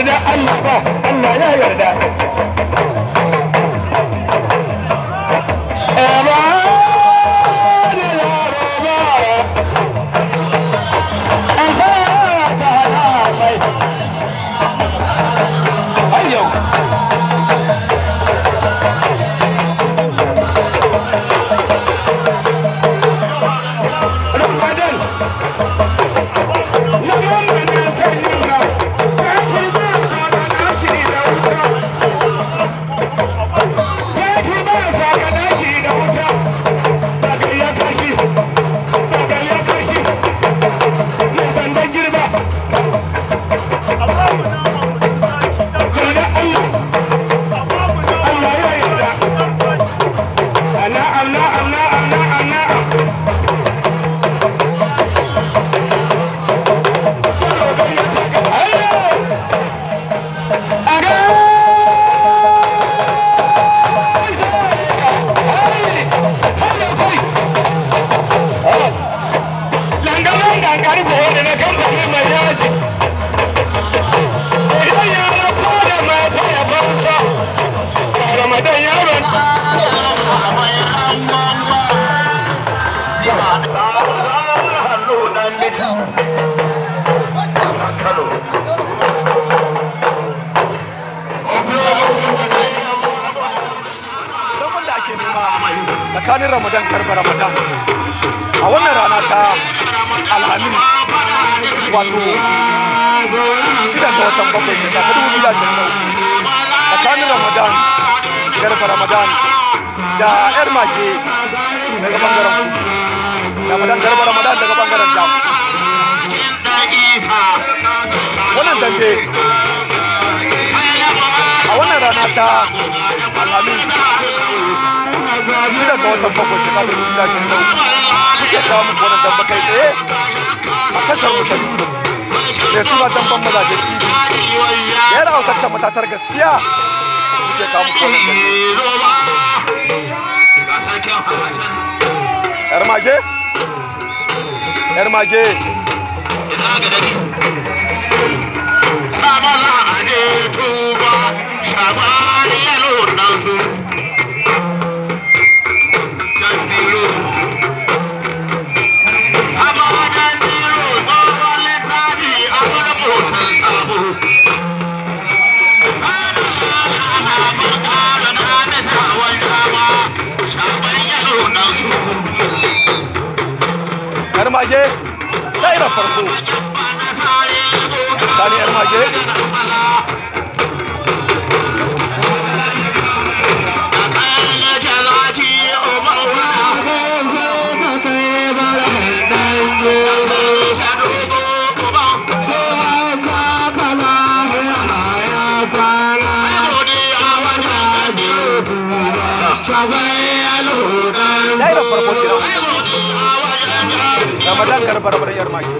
yarda Allah ba Allah ya yarda birnin bidi kano dogon tsakanin ramadan karba ramadan a wannan rana ta alhamis wato shida ga watan bakwai shekara ta dubu biyu da tsakanin ramadan garba ramadan da yar mage daga bangaren ramadan garba ramadan daga bangaren jam wannan dambe a wannan rana ta alhamis shida ga watan bakwai shekara da dubu lafiya da uku kuke kawo muku wannan damba kai tsaye a tashar mu ta mai suna damban mazaje tv yar hausar ta matatar gaskiya kuke kawo muku wannan dambe yar mage yar mage Sabala za a je tuba, shaba ya kara farko sani yar mage Dai da farko kiran. ramadan garbar barayar maki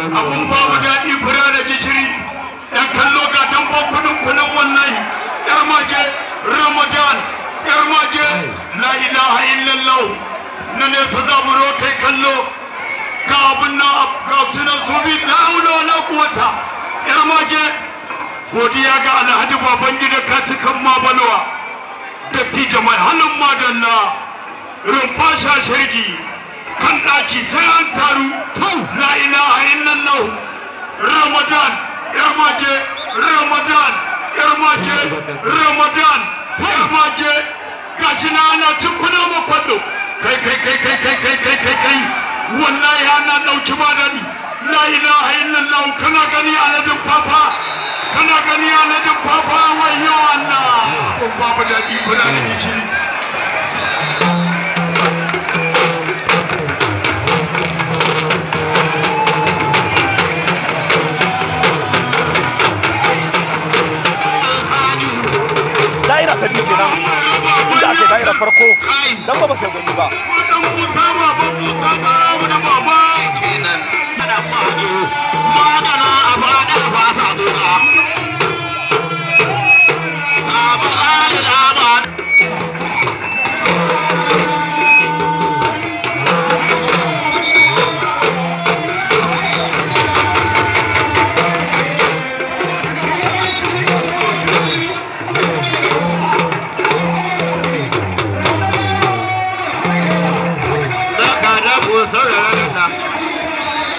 abun babu daɗi da gishiri ɗan kallo dan wannan yar mage Ramadan Garmaje la ilaha kallo ga abin nan na aula na kuwata godiya ga Alhaji Babangida Katikan Mabalwa dattijo mai halin madalla rumfa shashirgi kan ɗaki sai an taru la ilaha illallah Ramadan Garmaje Ramadan yarmaje ramadan yarmaje gashi na ana cin kuna makwado kai kai kai kai kai kai kai kai kai wallahi ana dauki madani la ilaha illallah kana gani aladin fafa kana gani aladin fafa wayo Allah kun babu da da ta biyu kenan inda ake daira farko dan ba ba kai gwani ba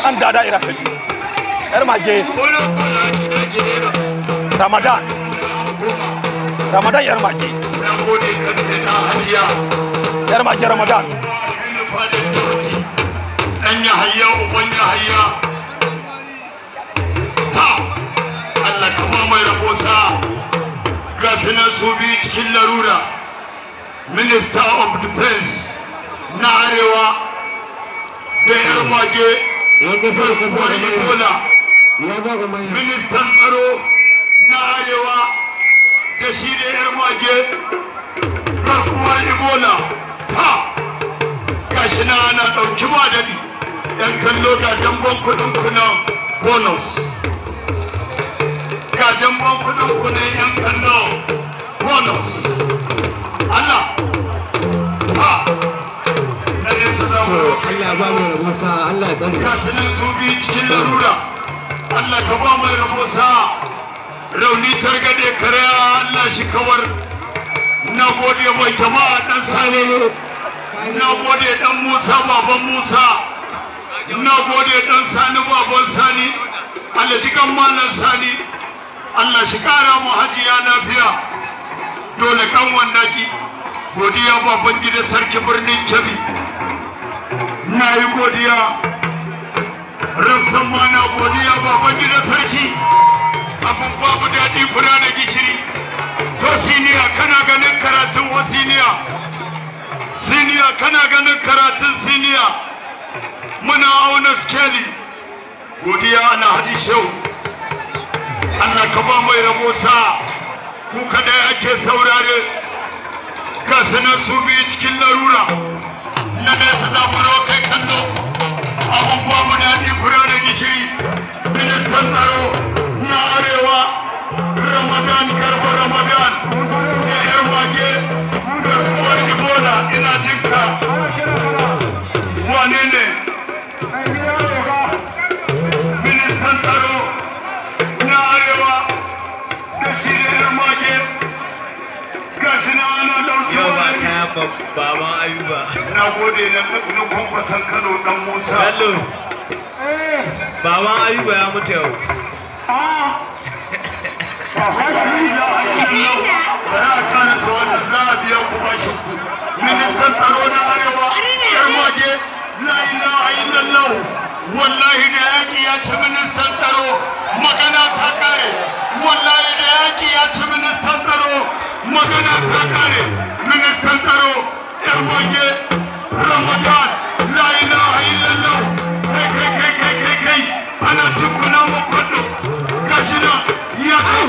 an da da'ira kai ramadan ramadan yar ramadan hayya hayya Allah mai rahosa ga sunan su bi cikin larura minister of defense na arewa da yar mage wani bola ministan tsaro na arewa da shi da yar mage garkuwar ibola ta gashi na ana ɗauki ba daɗi yan kallo ga dambon kuɗin kunan bonus ga dambon kuɗin kunan yan kallo bonus Allah ha to Allah ba mu rabon sa Allah ya tsare ka sanin su bi cikin larura Allah ka ba mu sa rauni targade karaya Allah shi kawar na gode mai jama'a dan na gode dan Musa baban Musa na gode dan Sani baban Sani Allah kan Sani Allah shi kara mu lafiya dole kan wannan ki godiya gidan sarki birnin Kebbi na yi godiya rafsan ma na godiya baban gidan sarki abin babu daɗi fura da gishiri to siniya kana ganin karatun wa siniya siniya kana ganin karatun siniya muna auna skeli godiya ana haji shau Allah ka ba mai rabo sa ku kaɗai ake saurare ka sanar su biyu cikin larura na nesa samuro kai kallo abubuwa mu daɗi da gishiri na arewa ramadan garba ramadan da yar wage garkuwar ibola ina jinka wane ne baban ayuba na gode na na kwankwasan kano dan musa bello eh. baban ayuba ya mutu yau ah. na arewa wallahi da yaki ya ci ministan tsaro magana ta kare wallahi da yaki ya ci ministan tsaro magana ta kare ministan tsaro yar goge ramadan la ilaha illallah kai kai kai kai kai kai ana cikuna mu kwado gashi na ya kawo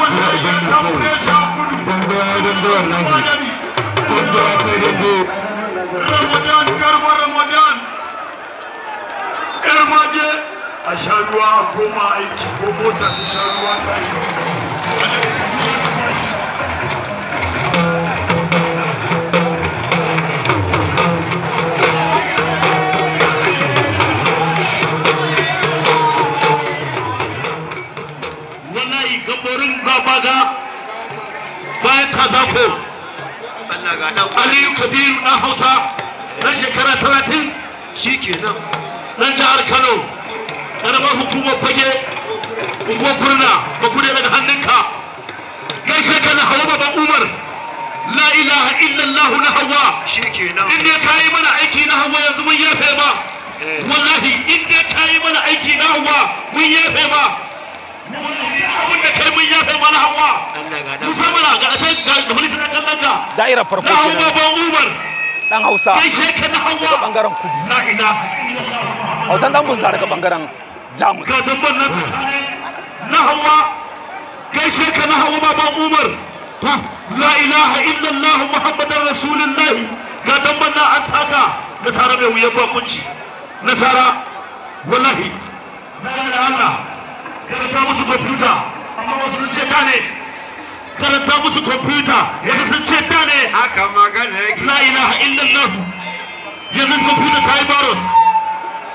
wannan ya kawo ya sha kudu ramadan garba ramadan yar a sha ruwa koma aiki ko mota ta sha yi wallahi in dai ka yi mana aiki na hawa mun yafe ma abin da kai mun yafe mana hawa musa mana ga asai ga mulki na kallon ka daira farko na hawa ban umar dan hausa daga bangaren kudu na ina hautan dan bunza daga bangaren jamus ga dabban nan na hawa gaishe ka na hawa baban umar la ilaha illallah muhammadar rasulullah ga dabban na an taka da sarabe wuyan bakunci nasara wallahi na da Allah ta musu kwamfuta amma wasu sun ce ta ta musu kwamfuta wasu ta ne haka magana yake la ilaha illallah yi virus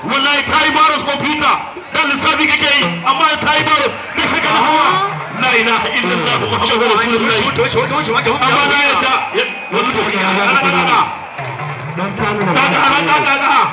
wallahi ta yi virus kwamfuta da kake yi amma ta yi virus da shakar hawa la ilaha illallah muhammadu rasulullahi amma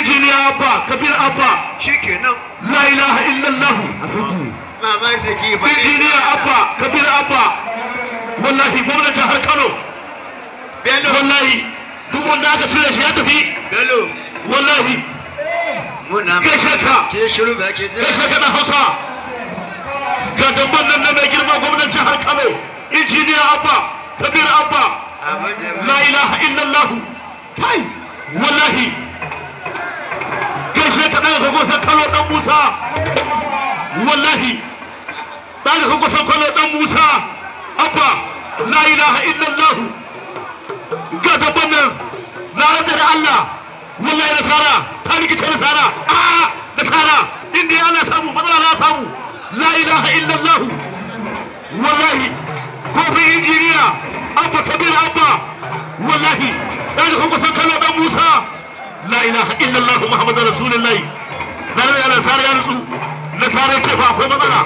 ijini abba kabir abba shikenan la ilaha illallah mama abba kabir abba wallahi gwamnati har kano bello wallahi duk wanda aka cire shi ya tafi bello wallahi muna ke shaka ke ba ke shaka na hausa ga dabban nan na mai girma gwamnan jihar kano ijini abba kabir abba la ilaha illallah kai wallahi ɗaga ka kalo musa abba la ilaha illallah na da Allah wallahi nasara ta rikice inda ana samu matsala na samu la ilaha illallah kofin injiniya abba kabir abba wallahi ka kalo musa la ilaha illallah muhammadur rasulullah zarar ya nasara ya nutsu nasara ce fa akwai matsala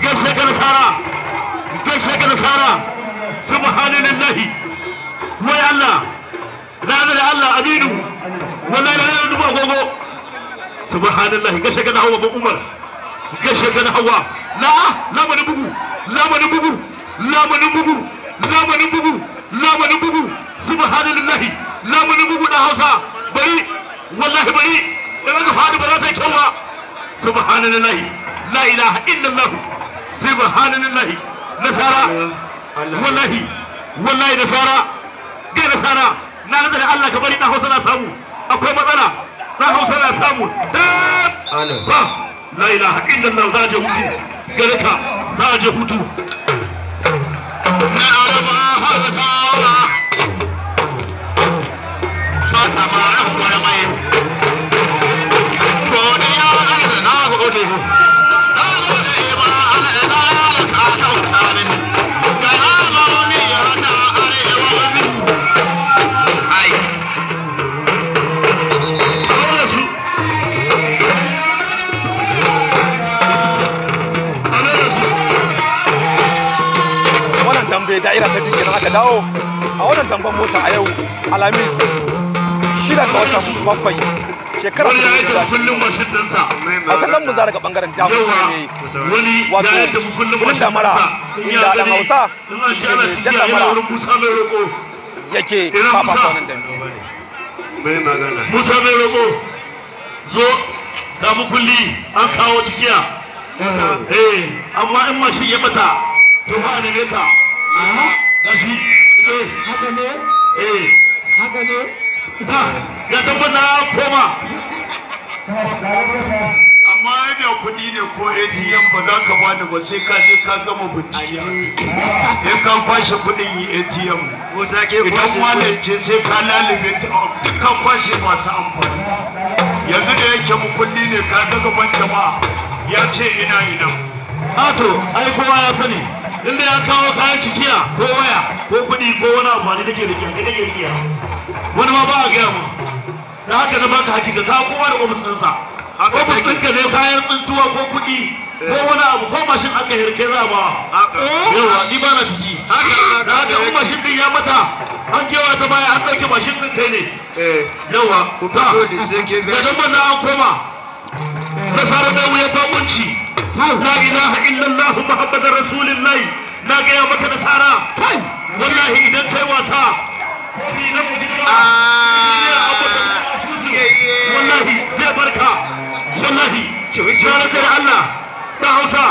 gaishe ka nasara gaishe ka nasara subhanallahi wai allah rana da allah aminu wallahi rana da dubu agogo subhanallahi gaishe ka na hawa ba umar gaishe ka na hawa la la bugu la bugu la bugu subhanallahi la ilaha illallah subhanallahi nasara wallahi wallahi nasara ga nasara na rantsa da Allah ka bari da Hausa na samu akwai matsala na Hausa na samu dan ba la ilaha illallah za je hutu ga ka za je hutu na araba hausa sama da'ira ta biyu kenan aka dawo a wannan damban mota a yau alhamis shida ga watan bakwai shekara ta yi da kullum mashin a kallon mu zara ga bangaren jami'a ne wato wurin damara inda dan hausa da damara yake fafa kwanan da musa mai roƙo zo da mukulli an kawo cikiya eh, amma in mashin ya bata to fa ne ta a gashi eh ne koma amma da kuɗi ne ko ba za ka ba sai ka je ka gama bincike sai kuɗin yi idan ce sai ka masu yanzu da yake mu ne ka daga ban ya ce ina ina ato ai kowa ya sani inda ya kawo kayan cikiya ko waya ko kuɗi ko wani amfani da ke da kyanke da kyanke wani ma ba a gaya mu da haka na baka hakika ka kowa da ofisinsa ofis ɗinka ne kayan tsintuwa ko kuɗi ko eh. wani abu ko mashin an aka hirke za ba eh. yawa ni ba na ciki da haka in mashin ɗin ya mata an kewa ta baya an ɗauke mashin din kai ne eh. yawa ta da ah. dan na an koma nasarar da wuya bakunci la ilaha illallah muhammadar rasulullahi na gaya maka nasara wallahi idan kai wasa wallahi zai barka wallahi ranar da Allah da Hausa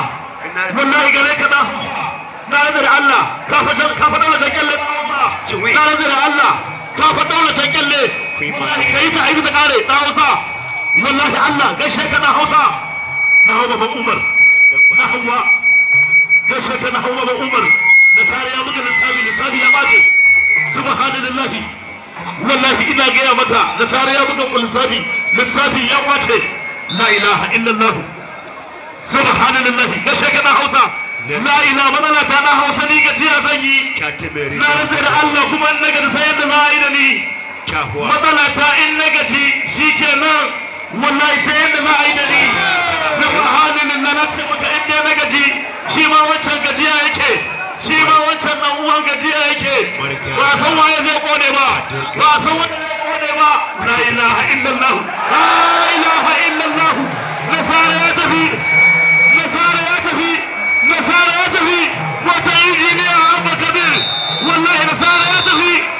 wallahi gare ka da na ranar Allah ka fa ka fa dole Allah, na ranar da Allah ka fa dole kyalle kai ta aiki ta kare da Hausa Allah gaishe ka da Hausa na Hausa Umar na hawa gaishe ta na hawa ba umar da sare ya buga lissafi lissafi ya bace subhanallahi wallahi ina gaya mata da sare ya buga lissafi lissafi ya bace la ilaha illallah subhanallahi gaishe ka na hausa la ila manana ta na hausa ni gajiya zan na rantsa da Allah kuma in na gaji sai yadda za ta in na gaji shi wallahi sai yadda za a yi da ni na burhanin na nace maka in dai na gaji shi ma wancan gajiya yake shi ma wancan dan uwan gajiya yake ba san waye zai kone ba ba san wanda zai kone ba la ilaha illallah la ilaha illallah nasara ya tafi nasara ya tafi nasara ya tafi wata injiniya abba kabir wallahi nasara ya tafi